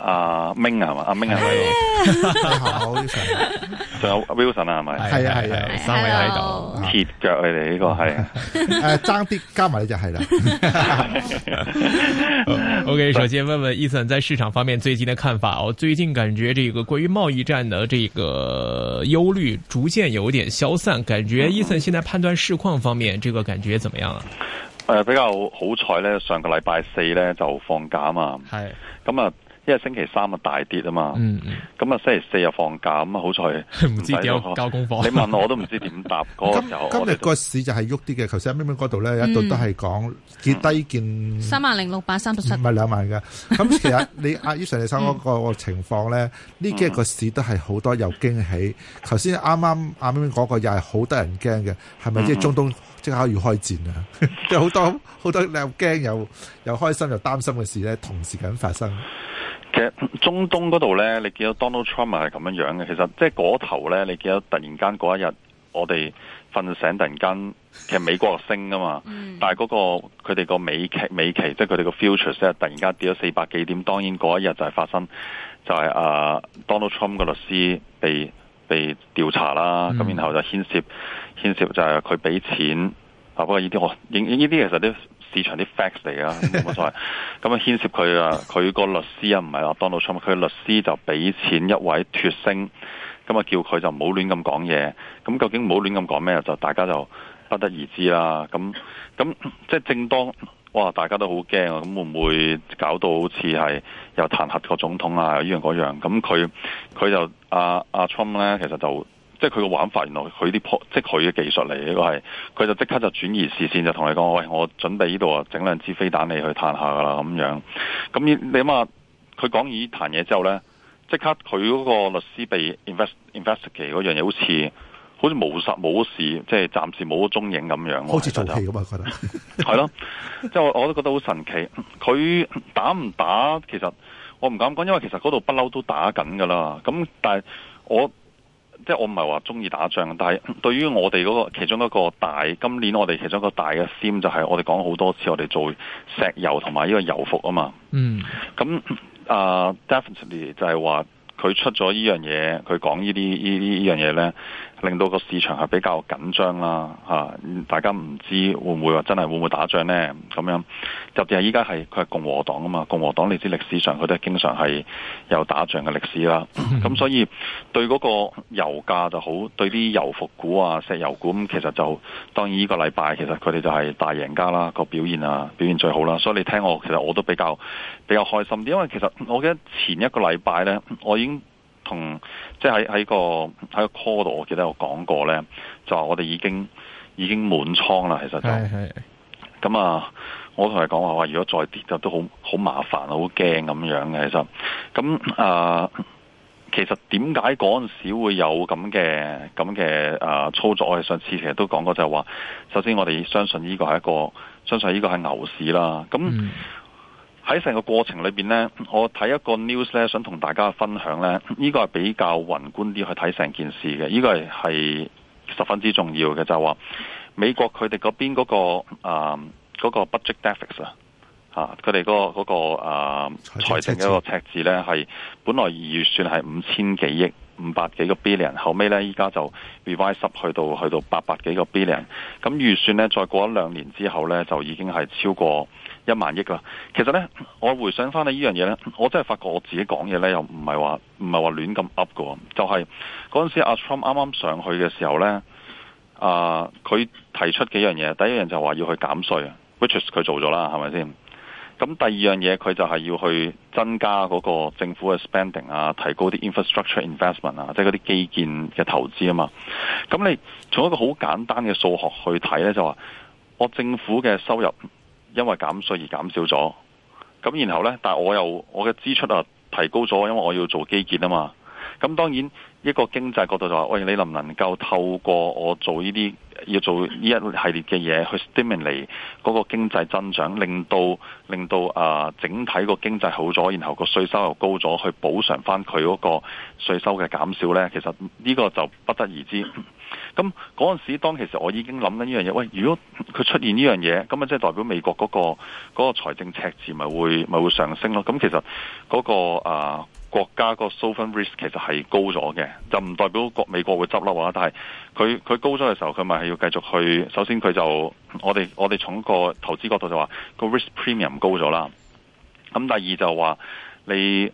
阿明啊嘛，阿明啊喺度，仲有 Wilson 啊，係咪？係啊係啊，三位喺度，鐵腳哋呢個係，爭啲加埋就係啦。OK，首先問問 Eason 在市場方面最近的看法。哦我最近感覺這個關於貿易戰的這個憂慮逐漸有點消散，感覺 Eason 現在判斷市況方面，這個感覺怎麼樣啊？誒，比較好彩咧，上個禮拜四咧就放假啊嘛，係咁啊。因為星期三啊大跌啊嘛，咁啊星期四又放假，咁啊好彩。唔知點交功課。你問我都唔知點答嗰個時候。咁今日個市就係喐啲嘅。頭先阿 MinMin 嗰度咧一度都係講跌低見三萬零六百三十七，唔係兩萬嘅。咁其實你阿 y i 你三嗰個情況咧，呢幾日個市都係好多有驚喜。頭先啱啱阿 MinMin 講過又係好得人驚嘅，係咪即係中東即刻要開戰啊？即係好多好多又驚又又開心又擔心嘅事咧，同時間發生。其實中東嗰度咧，你見到 Donald Trump 係咁樣樣嘅。其實即係嗰頭咧，你見到突然間嗰一日，我哋瞓醒突然間，其實美國升噶嘛。嗯、但係嗰、嗰個佢哋個美期美期，即係佢哋、就、個、係、future 咧，突然間跌咗四百幾點。當然嗰一日就係發生就係、係、啊 Donald Trump 個律師被被調查啦。咁、嗯、然後就牽涉牽涉就係佢俾錢啊。不過呢啲我呢呢啲其實都。市場啲 facts 嚟啊，冇錯。咁啊牽涉佢啊，佢個律師啊唔係啊 Donald Trump，佢律師就俾錢一位脫星。咁啊叫佢就唔好亂咁講嘢。咁究竟唔好亂咁講咩？就大家就不得而知啦。咁咁即係正當哇，大家都好驚啊！咁會唔會搞到好似係又彈劾個總統啊？依樣嗰樣咁佢佢就阿阿、啊啊、Trump 咧，其實就。即係佢個玩法原來佢啲 p 即係佢嘅技術嚟，呢個係佢就即刻就轉移視線，就同你講喂，我準備呢度啊，整兩支飛彈你去彈下噶啦咁樣。咁你諗下，佢講以彈嘢之後咧，即刻佢嗰個律師被 invest, investigate 嗰樣嘢，好似好似無實冇事，即係暫時冇咗蹤影咁樣。好似出覺得係咯，即係樣 我都覺得好神奇。佢打唔打其實我唔敢講，因為其實嗰度不嬲都打緊㗎啦。咁但係我。即係我唔係話中意打仗，但係對於我哋嗰個其中一個大，今年我哋其中一個大嘅 theme 就係我哋講好多次，我哋做石油同埋呢個油服啊嘛。嗯、mm.，咁、uh, 啊，definitely 就係話佢出咗呢樣嘢，佢講呢啲呢啲呢樣嘢咧。令到個市場係比較緊張啦，大家唔知會唔會話真係會唔會打仗呢？咁樣特別係依家係佢係共和黨啊嘛，共和黨你知歷史上佢都係經常係有打仗嘅歷史啦。咁 所以對嗰個油價就好，對啲油服股啊、石油股，其實就當然呢個禮拜其實佢哋就係大贏家啦，個表現啊表現最好啦。所以你聽我，其實我都比較比較開心啲，因為其實我記得前一個禮拜呢，我已經。同即係喺個喺個 call 度，我記得我講過咧，就話我哋已經已經滿倉啦。其實就咁啊是的，我同佢講話話，如果再跌就都好好麻煩，好驚咁樣嘅。其實咁啊、呃，其實點解嗰陣時會有咁嘅咁嘅操作？我哋上次其實都講過就是說，就話首先我哋相信呢個係一個相信呢個係牛市啦。咁喺成個過程裏面呢，我睇一個 news 呢，想同大家分享呢，呢、這個係比較宏觀啲去睇成件事嘅，呢、這個係十分之重要嘅，就話、是、美國佢哋嗰邊嗰個啊嗰、那個 budget deficit 佢、啊、哋嗰、那個、那個、啊財政嘅個赤字呢，係字本來預算係五千幾億五百幾個 billion，後尾呢，依家就 revise 十去到去到八百幾個 billion，咁預算呢，再過一兩年之後呢，就已經係超過。一萬億啦，其實咧，我回想翻嚟呢樣嘢咧，我真係發覺我自己講嘢咧，又唔係話唔係話亂咁噏喎。就係嗰陣時阿 Trump 啱啱上去嘅時候咧，啊，佢提出幾樣嘢，第一樣就話要去減稅，which is 佢做咗啦，係咪先？咁第二樣嘢佢就係要去增加嗰個政府嘅 spending 啊，提高啲 infrastructure investment 啊，即係嗰啲基建嘅投資啊嘛。咁你從一個好簡單嘅數學去睇咧，就話我政府嘅收入。因為減稅而減少咗，咁然後呢，但我又我嘅支出啊提高咗，因為我要做基建啊嘛。咁當然一個經濟角度就話：喂，你能唔能夠透過我做呢啲要做呢一系列嘅嘢去 stimulate 嗰個經濟增長，令到令到啊、呃、整體個經濟好咗，然後個稅收又高咗，去補償翻佢嗰個稅收嘅減少呢？其實呢個就不得而知。咁嗰陣時，當其實我已經諗緊呢樣嘢。喂，如果佢出現呢樣嘢，咁啊，即係代表美國嗰個嗰個財政赤字咪會咪會上升咯。咁其實嗰個啊國家個 sovereign risk 其實係高咗嘅，就唔代表國美國會執笠啦。但係佢佢高咗嘅時候，佢咪係要繼續去。首先，佢就我哋我哋從個投資角度就話個 risk premium 高咗啦。咁第二就話你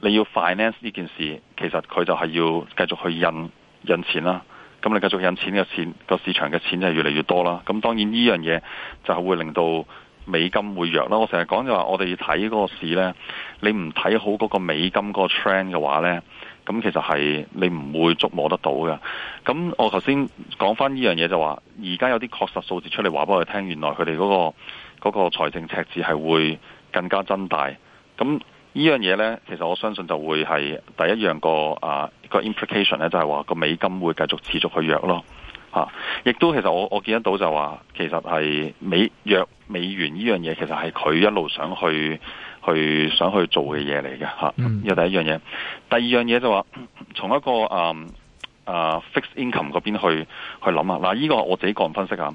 你要 finance 呢件事，其實佢就係要繼續去印印錢啦。咁你繼續引錢嘅錢個市場嘅錢就係越嚟越多啦，咁當然呢樣嘢就係會令到美金會弱啦。我成日講就話我哋要睇嗰個市呢，你唔睇好嗰個美金個 trend 嘅話呢，咁其實係你唔會觸摸得到嘅。咁我頭先講翻呢樣嘢就話，而家有啲確實數字出嚟話俾我哋聽，原來佢哋嗰個嗰個財政赤字係會更加增大咁。呢樣嘢呢，其實我相信就會係第一樣，個啊個 implication 呢就係話個美金會繼續持續去弱咯，嚇、啊！亦都其實我我見得到就話，其實係美弱美元呢樣嘢，其實係佢一路想去去想去做嘅嘢嚟嘅嚇。嗯、啊。呢係第一樣嘢，嗯、第二樣嘢就話，從一個啊啊 fixed income 嗰邊去去諗啊，嗱、呢、呢個我自己個人分析啊，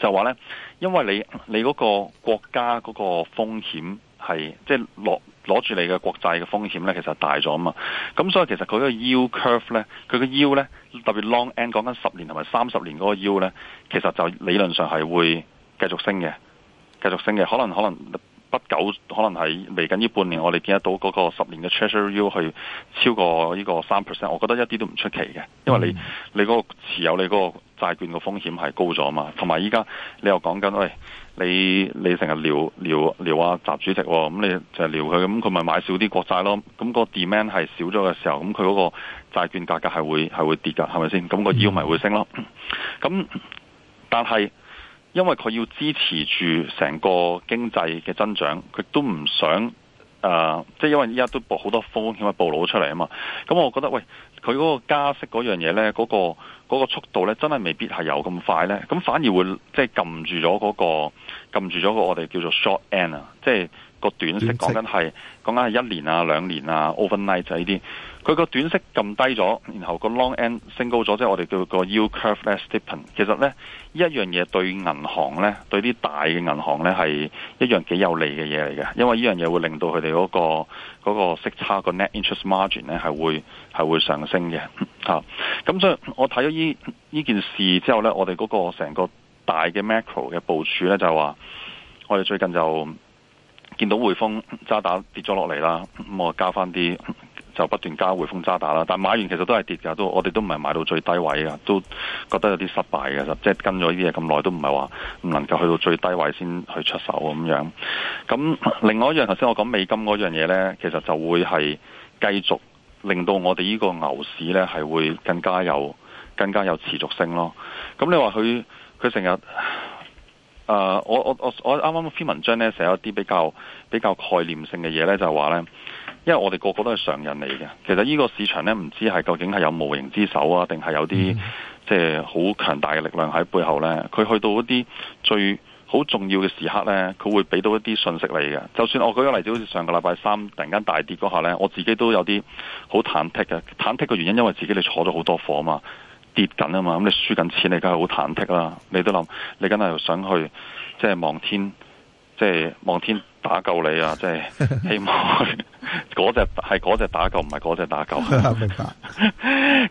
就話呢，因為你你嗰個國家嗰個風險係即係落。攞住你嘅國債嘅風險咧，其實大咗啊嘛，咁所以其實佢個 Yield curve 咧，佢個 Yield 咧，特別 long end 講緊十年同埋三十年嗰個 Yield 咧，其實就理論上係會繼續升嘅，繼續升嘅，可能可能不久，可能係嚟緊呢半年，我哋見得到嗰個十年嘅 Treasury Yield 去超過呢個三 percent，我覺得一啲都唔出奇嘅，因為你你嗰個持有你嗰個債券嘅風險係高咗啊嘛，同埋依家你又講緊喂。哎你你成日撩撩撩啊習主席、哦，咁你就係撩佢，咁佢咪買少啲國債咯？咁個 demand 係少咗嘅時候，咁佢嗰個債券價格係會係會跌噶，係咪先？咁個 yield 咪會升咯。咁但係因為佢要支持住成個經濟嘅增長，佢都唔想。誒、呃，即係因為依家都暴好多風險啊，暴露出嚟啊嘛，咁我覺得喂，佢嗰個加息嗰樣嘢咧，嗰、嗰個嗰、嗰個速度咧，真係未必係有咁快咧，咁反而會即係撳住咗嗰、嗰個撳住咗個我哋叫做 short end 啊，即係。個短息講緊係講緊係一年啊、兩年啊，overnight 就呢啲。佢個短息撳低咗，然後個 long end 升高咗，即係我哋叫個 yield curve less steepen。其實呢一樣嘢對銀行呢、對啲大嘅銀行呢係一樣幾有利嘅嘢嚟嘅，因為呢樣嘢會令到佢哋嗰個嗰個息差個 net interest margin 呢係會係會上升嘅咁、 啊、所以我睇咗呢件事之後呢，我哋嗰個成個大嘅 macro 嘅部署呢，就係話，我哋最近就。見到匯豐渣打跌咗落嚟啦，咁我加翻啲，就不斷加匯豐渣打啦。但買完其實都係跌㗎，我都我哋都唔係買到最低位啊，都覺得有啲失敗嘅。即係跟咗呢啲嘢咁耐，都唔係話唔能夠去到最低位先去出手咁樣。咁另外一樣頭先我講美金嗰樣嘢呢，其實就會係繼續令到我哋呢個牛市呢係會更加有更加有持續性咯。咁你話佢佢成日，誒、呃，我我我我啱啱篇文章咧，寫一啲比較比較概念性嘅嘢咧，就係話咧，因為我哋個個都係常人嚟嘅，其實呢個市場咧，唔知係究竟係有無形之手啊，定係有啲即係好強大嘅力量喺背後咧。佢去到一啲最好重要嘅時刻咧，佢會俾到一啲訊息你嘅。就算我舉個例子，好似上個禮拜三突然間大跌嗰下咧，我自己都有啲好忐忑嘅。忐忑嘅原因，因為自己你坐咗好多貨啊嘛。跌緊啊嘛，咁你輸緊錢，你梗係好忐忑啦。你都諗，你梗係又想去，即係望天，即係望天打救你啊！即係希望嗰 隻係嗰隻打救，唔係嗰隻打救。咁啊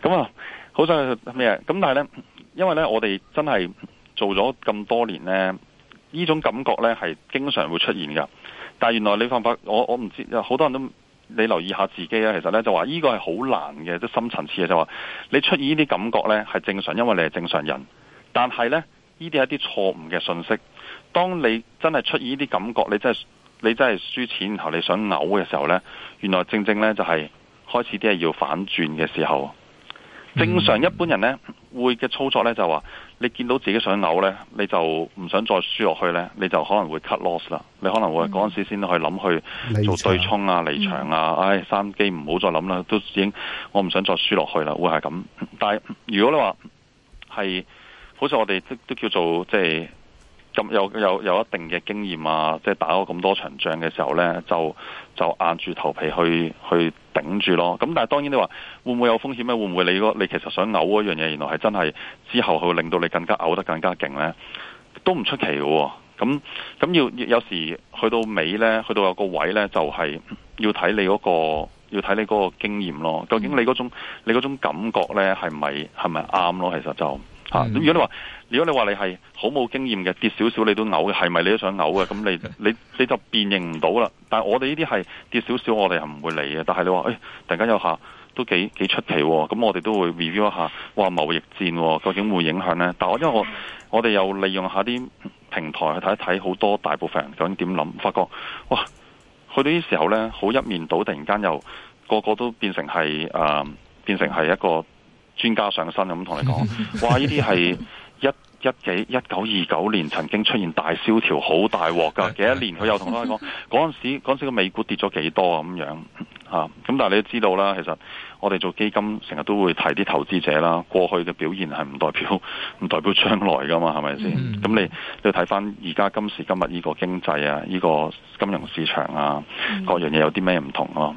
白，好想去咩？咁但係咧，因為咧，我哋真係做咗咁多年咧，呢種感覺咧係經常會出現噶。但係原來你發唔發？我我唔知，好多人都。你留意下自己啊，其實咧就話呢個係好難嘅，啲深層次嘅就話你出現呢啲感覺呢係正常，因為你係正常人。但係呢，呢啲係一啲錯誤嘅信息。當你真係出現呢啲感覺，你真係你真係輸錢，然後你想嘔嘅時候呢，原來正正呢就係開始啲係要反轉嘅時候。嗯、正常一般人呢會嘅操作呢就話。你見到自己想嘔呢，你就唔想再輸落去呢，你就可能會 cut loss 啦。你可能會嗰陣時先去諗去做對沖啊、離場啊。唉、哎，三機唔好再諗啦，都已經我唔想再輸落去啦，會係咁。但係如果你話係好似我哋都都叫做即係。就是咁有有有一定嘅經驗啊，即係打咗咁多場仗嘅時候呢，就就硬住頭皮去去頂住咯。咁但係當然你話會唔會有風險呢？會唔會你你其實想嘔嗰樣嘢，原來係真係之後佢會令到你更加嘔得更加勁呢？都唔出奇喎。咁咁要有時去到尾呢，去到有個位呢，就係要睇你嗰個要睇你嗰個經驗咯。究竟你嗰種你嗰種感覺呢，係咪係咪啱咯？其實就。咁、嗯、如果你話，如果你話你係好冇經驗嘅，跌少少你都嘔嘅，係咪你都想嘔嘅？咁你你你就辨認唔到啦。但係我哋呢啲係跌少少，我哋係唔會嚟嘅。但係你話，誒、哎，突然間有下都幾幾出奇、哦，咁我哋都會 review 一下，話貿易戰、哦、究竟會影響呢？但係我因為我我哋又利用一下啲平台去睇一睇，好多大部分人究竟點諗？發覺哇，去到呢時候呢，好一面倒，突然間又個個都變成係誒、呃，變成係一個。專家上身咁同你講，哇！呢啲係一一幾一九二九年曾經出現大蕭條，好大鑊噶。幾一年佢又同我哋講，嗰陣時嗰陣時個美股跌咗幾多啊？咁樣嚇。咁但係你都知道啦，其實我哋做基金成日都會提啲投資者啦，過去嘅表現係唔代表唔代表將來噶嘛？係咪先？咁、嗯、你你睇翻而家今時今日呢個經濟啊，呢、呢個金融市場啊，各樣嘢有啲咩唔同啊？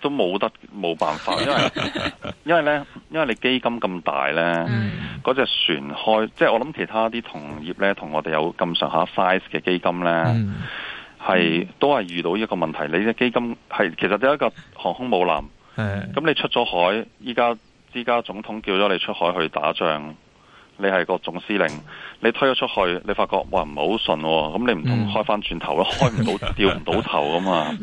都冇得冇辦法，因為， 因為咧，因為你基金咁大咧，嗰隻、嗯、船開，即係我諗其他啲同業咧，同我哋有咁上下 size 嘅基金咧，係、嗯、都係遇到一個問題，你嘅基金係其實都一個航空母艦，咁的你出咗海，依家依家總統叫咗你出海去打仗。你係個總司令，你推咗出去，你發覺哇唔係好順喎，咁你唔通、嗯、開返轉頭咯，開唔到調唔到頭啊嘛，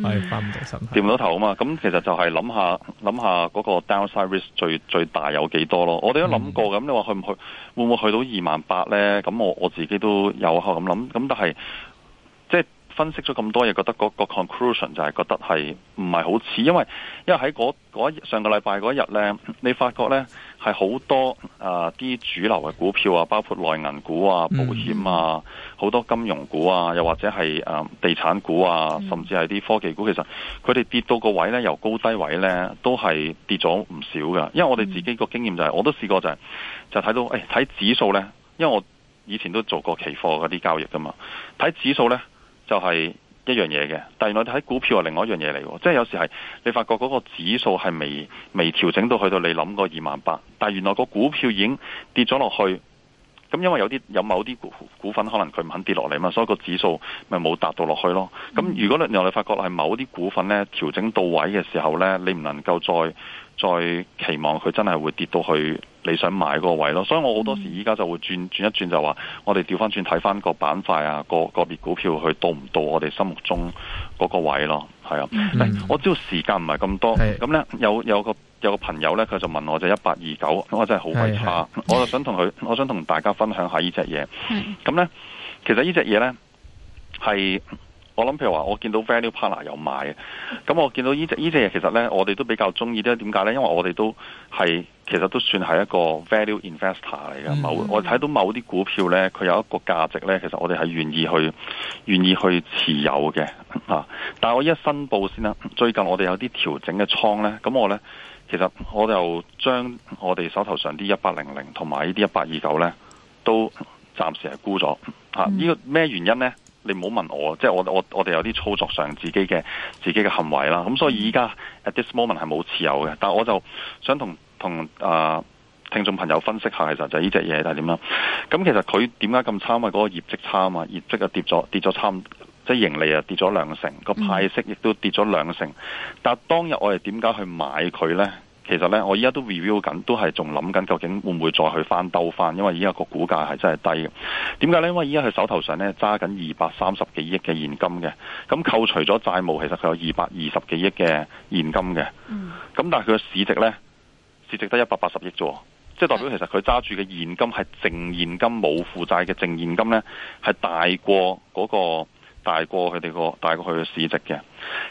調唔到頭啊嘛，咁其實就係諗下諗下嗰個 downside risk 最最大有幾多咯？我哋都諗過咁，你話去唔去會唔會去到二萬八呢？咁我我自己都有吓咁諗，咁但係。分析咗咁多嘢，覺得嗰個 conclusion 就係覺得係唔係好似，因為因為喺嗰上個禮拜嗰一日呢，你發覺呢係好多啲、呃、主流嘅股票啊，包括內銀股啊、保險啊，好多金融股啊，又或者係、呃、地產股啊，甚至係啲科技股，其實佢哋跌到個位呢，由高低位呢都係跌咗唔少㗎。因為我哋自己個經驗就係，我都試過就係就睇到誒睇指數呢，因為我以前都做過期貨嗰啲交易㗎嘛，睇指數呢。就係一樣嘢嘅，但原來睇股票係另外一樣嘢嚟喎，即係有時係你發覺嗰個指數係未未調整到去到你諗個二萬八，但原來個股票已經跌咗落去。咁因為有啲有某啲股股份可能佢唔肯跌落嚟嘛，所以個指數咪冇達到落去咯。咁、嗯、如果你我哋發覺係某啲股份咧調整到位嘅時候咧，你唔能夠再再期望佢真係會跌到去你想買個位咯。所以我好多時依家就會轉轉一轉就話，我哋調翻轉睇翻個板塊啊，個個別股票去到唔到我哋心目中嗰個位咯。係啊，我知道時間唔係咁多，咁咧是有有個。有個朋友呢，佢就問我就一八二九，我真係好鬼差。的我就想同佢，我想同大家分享下呢隻嘢。咁的呢，其實呢隻嘢呢，係我諗，譬如話，我見到 Value Partners 有買嘅。咁我見到呢隻呢隻嘢，這個、其實呢，我哋都比較中意。點解呢？因為我哋都係其實都算係一個 value investor 嚟嘅。某的我睇到某啲股票呢，佢有一個價值呢，其實我哋係願意去願意去持有嘅、啊。但係我一申報先啦。最近我哋有啲調整嘅倉呢。咁我呢其實我就將我哋手頭上啲一八零零同埋呢啲一八二九呢都暫時係沽咗。呢、嗯、個咩原因呢？你唔好問我，即係我我我哋有啲操作上自己嘅自己嘅行為啦。咁所以依家、嗯、at this moment 係冇持有嘅。但係我就想同同啊聽眾朋友分析下，其實就係呢隻嘢係點啦。咁其實佢點解咁差？因為嗰個業績差啊嘛，業績啊跌咗跌咗差，即係盈利啊跌咗兩成，個派、嗯、息亦都跌咗兩成。但係當日我哋點解去買佢呢？其實咧，我依家都 review 緊，都係仲諗緊，究竟會唔會再去翻兜翻？因為依家個股價係真係低嘅。點解呢？因為依家佢手頭上咧，揸緊二百三十幾億嘅現金嘅，咁扣除咗債務，其實佢有二百二十幾億嘅現金嘅。咁但係佢嘅市值呢，市值得一百八十億啫，即係代表其實佢揸住嘅現金係淨現金，冇負債嘅淨現金呢，係大過嗰個。大過佢哋個大過佢嘅市值嘅，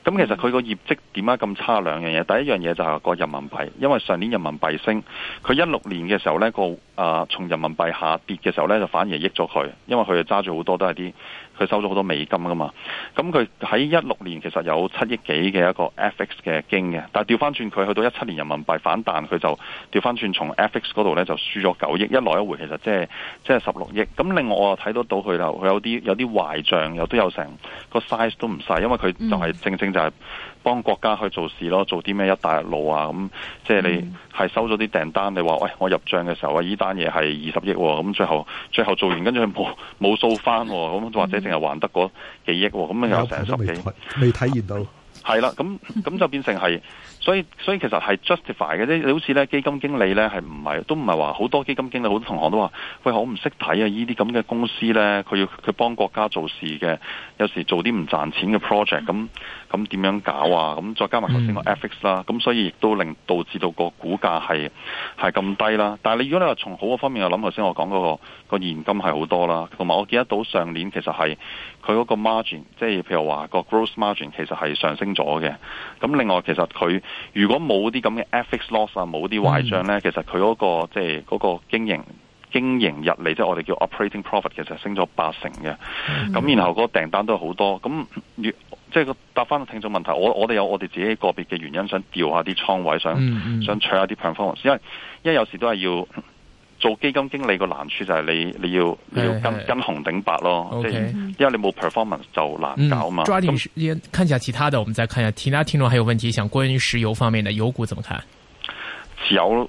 咁其實佢個業績點解咁差？兩樣嘢，第一樣嘢就係個人民幣，因為上年人民幣升，佢一六年嘅時候呢個啊從人民幣下跌嘅時候呢，就反而益咗佢，因為佢係揸住好多都係啲。佢收咗好多美金噶嘛，咁佢喺一六年其實有七億幾嘅一個 FX 嘅經嘅，但係調翻轉佢去到一七年人民幣反彈，佢就調翻轉從 FX 嗰度呢就輸咗九億，一來一回其實即係即係十六億。咁、就是、另外我又睇得到佢就佢有啲有啲壞賬，又都有成個 size 都唔細，因為佢就係正正就係、是。幫國家去做事咯，做啲咩一帶一路啊咁，即、嗯、係、就是、你係收咗啲訂單，你話喂我入帳嘅時候啊，依單嘢係二十億喎，咁、嗯、最後最後做完跟住冇冇數翻喎，咁或者淨係還得嗰幾億喎，咁又成十幾未體驗到，係啦、啊，咁咁就變成係，所以所以其實係 justify 嘅，啫。係好似咧基金經理咧係唔係都唔係話好多基金經理好多同行都話，喂我唔識睇啊呢啲咁嘅公司咧，佢要佢幫國家做事嘅，有時做啲唔賺錢嘅 project 咁。咁點樣搞啊？咁再加埋頭先個 FX 啦，咁、嗯、所以亦都令導致到個股價係係咁低啦。但係你如果你話從好嘅方面去諗，頭先我講嗰、那個個現金係好多啦，同埋我記得到上年其實係佢嗰個 margin，即係譬如話個 gross margin 其實係上升咗嘅。咁另外其實佢如果冇啲咁嘅 FX loss 啊，冇啲壞帳呢，嗯、其實佢嗰、那個即係嗰個經營經營入嚟，即、就、係、是、我哋叫 operating profit 其實升咗八成嘅。咁、嗯、然後嗰個訂單都好多，咁即係答翻個聽眾問題，我我哋有我哋自己個別嘅原因，想調下啲倉位，想、嗯、想取下啲 performance，因為因為有時都係要做基金經理，個難處就係你你要你要跟嘿嘿跟紅頂白咯，即係 okay 因為你冇 performance 就難搞嘛。咁、嗯，抓嗯、看下其他的，我們再看一下其他聽眾還有問題，想關於石油方面的油股怎麼看？持有。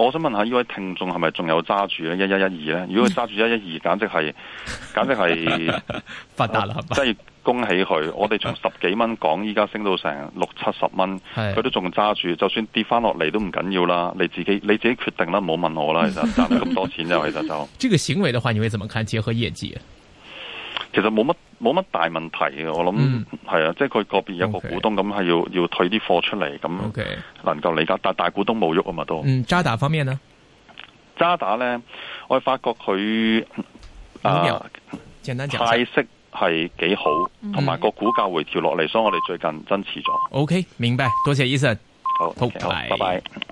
我想問下呢位聽眾係咪仲有揸住咧？一一一二咧？如果佢揸住一一二，簡直係簡直係發達啦！ 了啊、即係恭喜佢， 我哋從十幾蚊講，依家升到成六七十蚊，佢都仲揸住。就算跌翻落嚟都唔緊要啦，你自己你自己決定啦，唔好問我啦。其實賺咗咁多錢就其實就。呢個行為嘅話，你會怎麼看？結合業績，其實冇乜。冇乜大問題嘅，我諗係、嗯、啊，即係佢個別有個股東咁係 Okay, 要要退啲貨出嚟，咁能夠理解，但係大股東冇喐啊嘛都，嗯。渣打方面呢？渣打咧，我發覺佢，嗯，啊派息係幾好，同埋，嗯，個股價回調落嚟，所以我哋最近增持咗。OK，明白，多謝 Eason。好，Talk okay, 好，拜拜 like.。